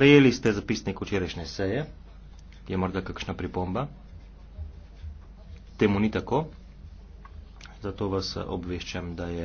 Prejeli ste zapisnik včerajšnje seje. Je morda kakšna pripomba? Temu ni tako. Zato vas obveščam, da je.